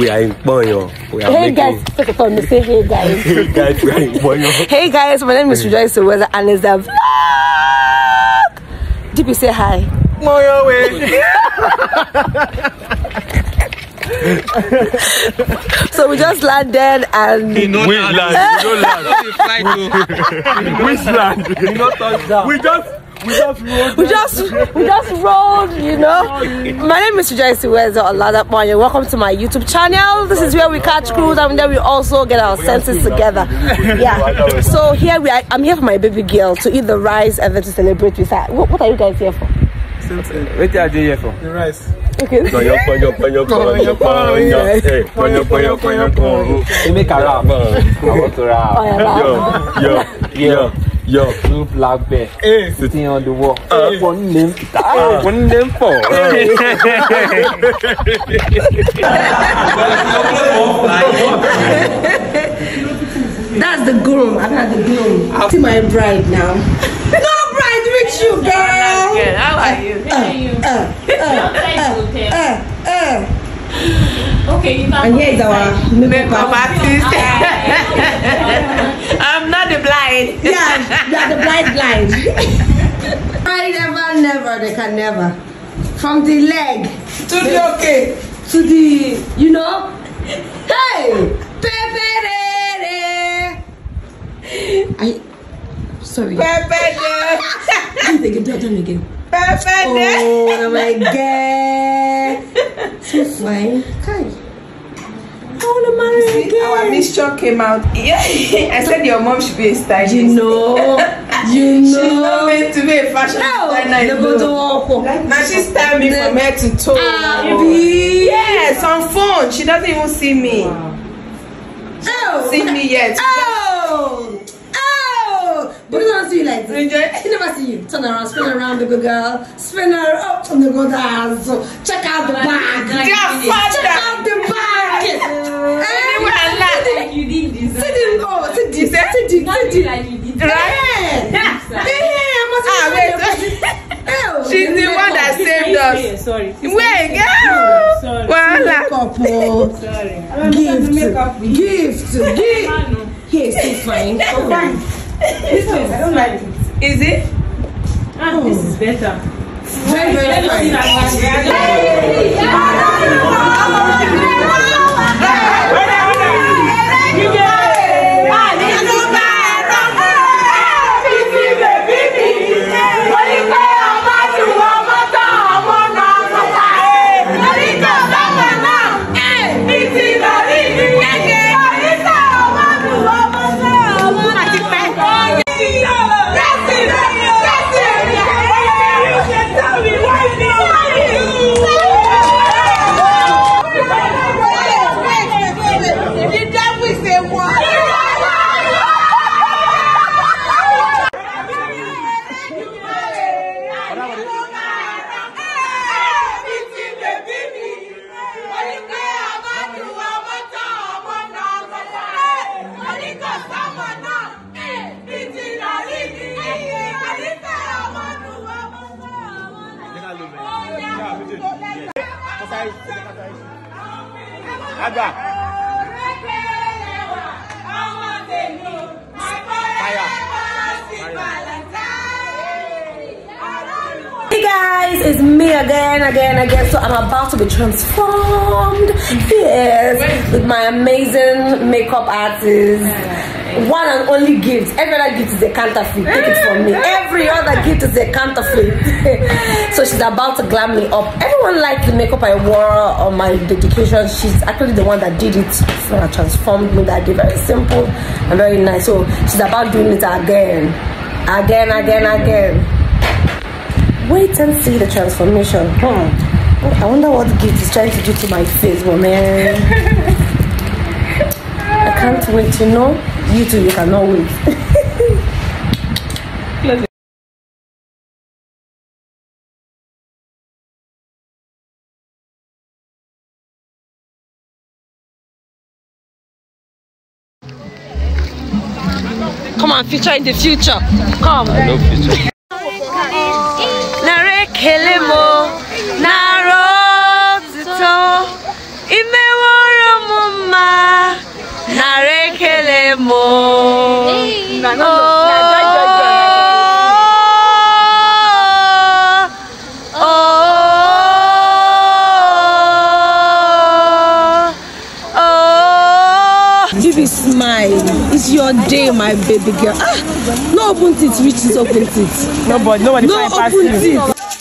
we are in Bonyo. hey guys, take on the say hey guys. hey guys, we are in Bonyo. Hey guys, my name is Rejoice Weather and it's the vlog. you say hi. Bonyo way. so we just landed and we land. We land. Which land? We not We just we just rolled. We just, we just rolled, you know. My name is Sujaisi Weza Oladapoye. Welcome to my YouTube channel. This is where we catch crews and then we also get our senses together. Yeah. So here we are. I'm here for my baby girl to eat the rice and then to celebrate with her. What, what are you guys here for? What are you here for? The rice. Okay. They make a rap. I want to oh, Yo, yo, yo. Yo, blue black bear hey. sitting on the wall. Uh, one name, uh, one name for. That's the groom. I got the groom. I see my bride now. no bride with you, girl. That's good. How are you? How are you? Uh, uh, uh, Okay, you know. And here's our makeup artist. I'm not blind, blind. I never, never, they can never. From the leg. To the, okay. To the, you know. Hey! Pepe I, sorry. Pepe I'm thinking, do it again. Pepe Oh my god. So fine. Hi. I want to marry See, again. Our mixture came out. Yeah, I said your mom should be a stylist. You know, you know. She's not meant to be a fashion no, designer. No, no. Now she's telling me from head to toe. Abby. Oh, yes, on phone. She doesn't even see me. Wow. Oh. See me yet. Oh. Oh. But they don't see you like this. They never see you. Turn around, spin around the good girl. Spin her up on the good girl. So check out the back. until I need it. Right? Eh, eh, ah, eh, oh, She's the one that saved us. Sorry. Wait, girl. Sorry. Well, makeup, Sorry. Gift. Makeup oh. gift. Gift. He's still fine. So fine. This is I don't like it. Is it? Ah, this is better. Very, very fine. Hey guys, it's me again, again, again. So I'm about to be transformed. Yes, with my amazing makeup artist one and only gift. Every other gift is a counterfeit. Take it from me. Every other gift is a counterfeit. so she's about to glam me up. Everyone liked the makeup I wore on my dedication. She's actually the one that did it. So I transformed me that day. Very simple and very nice. So she's about doing it again. Again, again, again. Wait and see the transformation. Hmm. I wonder what gift is trying to do to my face, woman. I can't wait to know you too, you cannot wait. Come on, future in the future. Come. future. mo. Hey. Na, na, smile. It's your day, my baby girl. Ah, no open teeth reaches open teeth. Nobody, nobody no open teeth.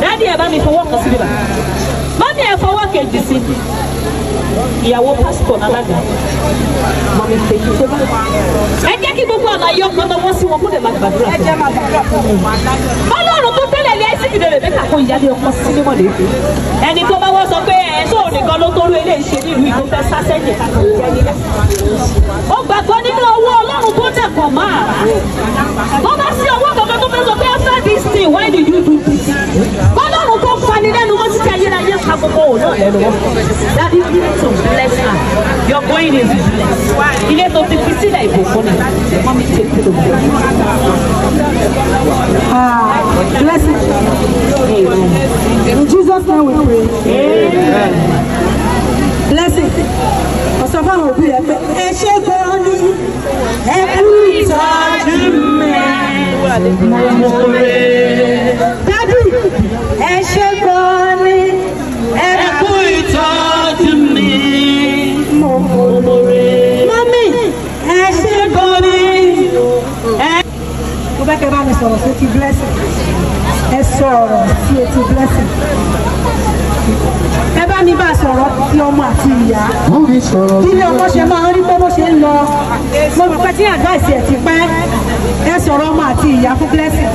dáàdi ẹ bá mi fọwọ́ kan síbí bá mọ́mí ẹ fọwọ́ kejì sí ìyàwó pásítọ̀ alága mọ̀mí tèmi tó bá ẹ jẹ́ kí gbogbo àlàyé ọpọlọ wọn sí wọn kó lè máa gbàdúrà fún un ọlọ́run sí ìdè rèbékà kan ìyáálé ọkọ sílẹmọ lẹbi ẹni tó bá wọ sọ pé ẹ tó nìkan ló tó rú eléyìí nílùú ìlú fẹ sásẹyìn kàkọ ìjẹnilẹ ó gbàgbọ́ nínú owó Ọlọ́run tó dẹkọ máa tó bá sí owó kankan tó fẹ́ sọ pé after this thing why did you do this kọlọ́run tó fanilẹ́nu mọ́ títí ayérayé ká gbogbo òun náà lẹ́nu wọn that is the reason bless her. Your going is blessed. Ilé tó ti fi sílẹ̀ ìbùkún ni. Wọ́n mi ṣe kúrò. Blessing. Jesus name we pray. Blessing. sọ̀rọ̀ sí ti blessing ẹ sọ̀rọ̀ sí etí blessing ẹ bá mi bá sọ̀rọ̀ ti ọmọ àti ìyá kí ni ọmọ ṣe máa ń rí pé bó ṣe ń lọ mo rò pé tí advice ẹ̀ ti pẹ́ ẹ sọ̀rọ̀ ọmọ àti ìyá fún blessing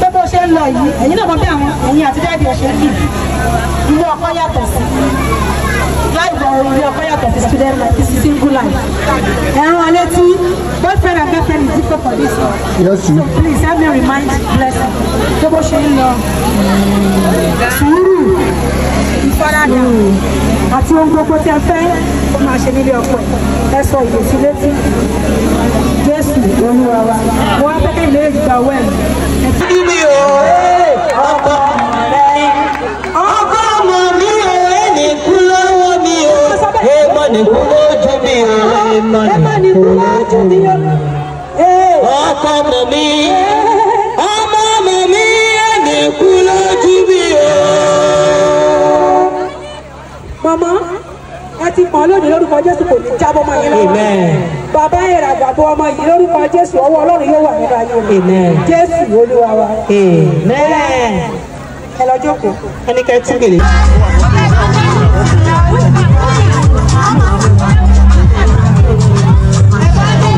pé bó ṣe ń lọ yìí ẹ̀yin náà mọ bí àwọn ẹ̀yin àti dáàbì ẹ̀ ṣe ń kì ilé ọkọ yàtọ̀ sí life ọ̀rọ̀ orí ọkọ yàtọ̀ sí student life is single life ẹ̀rọ alẹ́ tí boyfriend and girlfriend is different for this one yes, so please help me remind blessing tó bó ṣe ń lọ sùúrù ìfaradà àti ohun gbogbo tí a fẹ́ ó máa ṣe nílé ọkọ ẹ sọ ìrètí létí jésù olúwa wa mo wá fẹ́ kí ìlérí gbà wẹ̀. kí ni o ọkọ. ẹ̀mà ní kúlá jù ọkọ mọ̀ mi ọmọ mọ̀ mi ẹ̀mí kúlá jù mí o. màmá ẹ ti pọ̀ lónìí lórúkọ Jésù kò ní jábọ́ máa yín lọ́wọ́ bàbá ìrà àgbàbọ ọmọ yìí lórúkọ Jésù ọwọ́ Ọlọ́run yóò wà nínú ayé rẹ Jésù Olúwa wa ẹ lọ jókòó ẹni kẹ tún gèlè.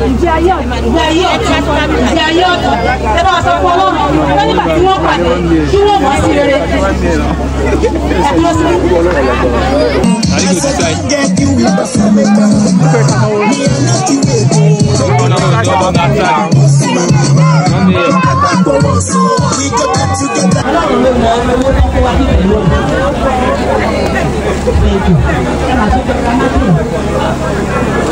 ìjẹ ayé ọ̀tún ìjẹ ayé ọ̀tún ìjẹ ayé ọ̀tún ẹ bá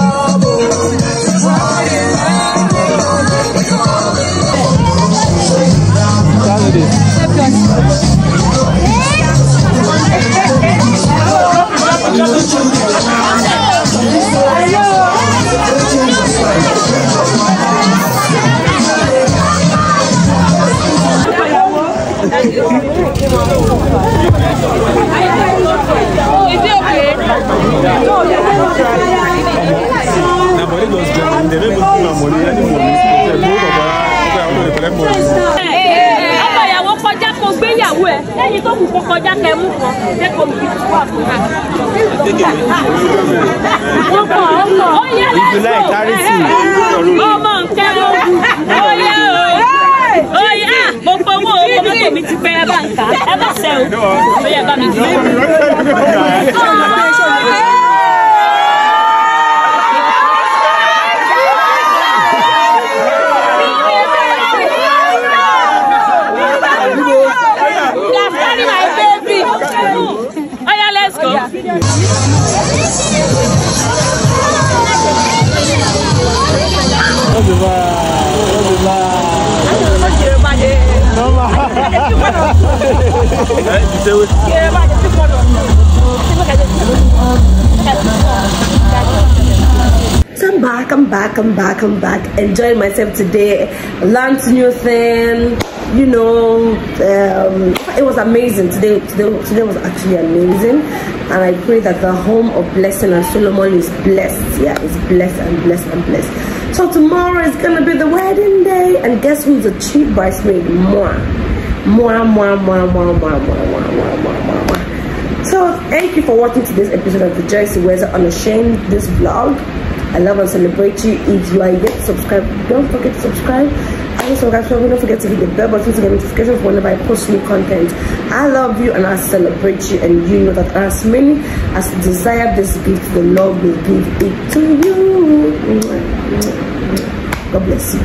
Oh yeah! kọjá kó gbé ìyàwó ẹ lẹ́yìn Hein, i I'm back, I'm back, I'm back, I'm back. Enjoying myself today. Learned new thing. You know, um, it was amazing. Today, today, today was actually amazing. And I pray that the home of blessing and Solomon is blessed. Yeah, it's blessed and blessed and blessed. So tomorrow is gonna be the wedding day. And guess who's the chief bridesmaid? Moi. So, thank you for watching today's episode of the Joyce Weza Unashamed, this vlog. I love and celebrate you. If you are yet subscribed, don't forget to subscribe. And guys, so don't forget to hit the bell button to get notifications whenever I post new content. I love you and I celebrate you. And you know that as many as desire this gift, the Lord will give it to you. God bless you.